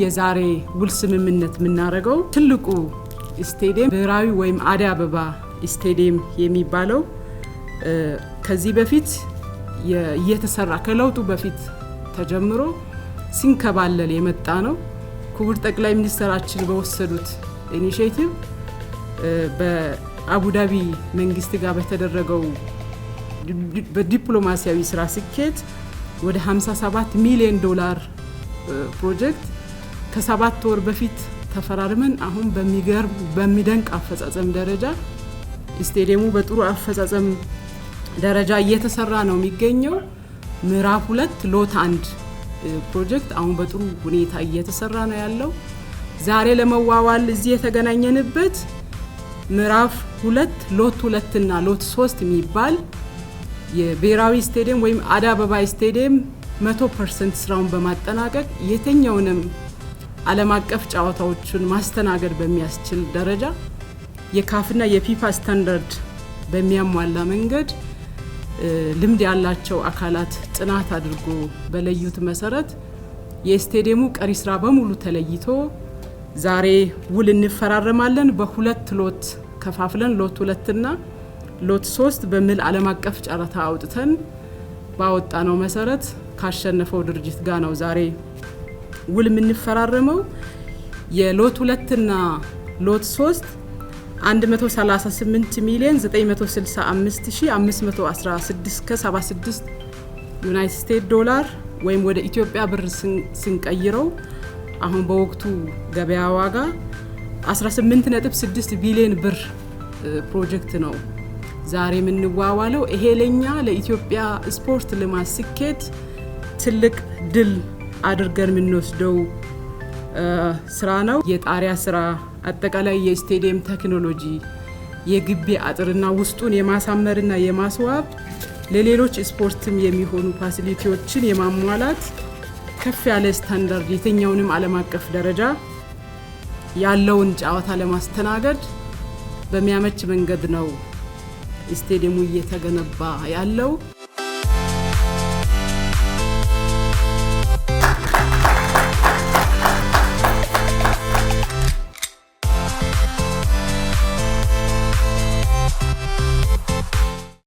የዛሬ ውል ስምምነት የምናደርገው ትልቁ ስቴዲየም ብሔራዊ ወይም አደይ አበባ ስቴዲየም የሚባለው ከዚህ በፊት እየተሰራ ከለውጡ በፊት ተጀምሮ ሲንከባለል የመጣ ነው። ክቡር ጠቅላይ ሚኒስትራችን በወሰዱት ኢኒሽቲቭ በአቡዳቢ መንግስት ጋር በተደረገው በዲፕሎማሲያዊ ስራ ስኬት ወደ 57 ሚሊዮን ዶላር ፕሮጀክት ከሰባት ወር በፊት ተፈራርመን አሁን በሚገርም በሚደንቅ አፈጻጸም ደረጃ ስቴዲየሙ በጥሩ አፈጻጸም ደረጃ እየተሰራ ነው የሚገኘው። ምዕራፍ ሁለት ሎት አንድ ፕሮጀክት አሁን በጥሩ ሁኔታ እየተሰራ ነው ያለው። ዛሬ ለመዋዋል እዚህ የተገናኘንበት ምዕራፍ ሁለት ሎት ሁለትና ሎት ሶስት የሚባል የብሔራዊ ስቴዲየም ወይም አዳ አበባ ስቴዲየም መቶ ፐርሰንት ስራውን በማጠናቀቅ የትኛውንም ዓለም አቀፍ ጨዋታዎችን ማስተናገድ በሚያስችል ደረጃ የካፍና የፊፋ ስታንዳርድ በሚያሟላ መንገድ ልምድ ያላቸው አካላት ጥናት አድርጎ በለዩት መሰረት የስቴዲየሙ ቀሪ ስራ በሙሉ ተለይቶ ዛሬ ውል እንፈራረማለን። በሁለት ሎት ከፋፍለን ሎት ሁለትና ሎት ሶስት በሚል ዓለም አቀፍ ጨረታ አውጥተን ባወጣ ነው መሰረት ካሸነፈው ድርጅት ጋር ነው ዛሬ ውል የምንፈራረመው የሎት ሁለትና ሎት ሶስት 138 ሚሊዮን 965516 ከ76 ዩናይትድ ስቴትስ ዶላር ወይም ወደ ኢትዮጵያ ብር ስንቀይረው አሁን በወቅቱ ገበያ ዋጋ 18.6 ቢሊዮን ብር ፕሮጀክት ነው ዛሬ የምንዋዋለው። ይሄ ለኛ ለኢትዮጵያ ስፖርት ልማት ስኬት ትልቅ ድል አድርገን የምንወስደው ስራ ነው። የጣሪያ ስራ፣ አጠቃላይ የስቴዲየም ቴክኖሎጂ፣ የግቢ አጥርና ውስጡን የማሳመርና የማስዋብ ለሌሎች ስፖርትም የሚሆኑ ፋሲሊቲዎችን የማሟላት ከፍ ያለ ስታንዳርድ የትኛውንም ዓለም አቀፍ ደረጃ ያለውን ጨዋታ ለማስተናገድ በሚያመች መንገድ ነው ስቴዲየሙ እየተገነባ ያለው።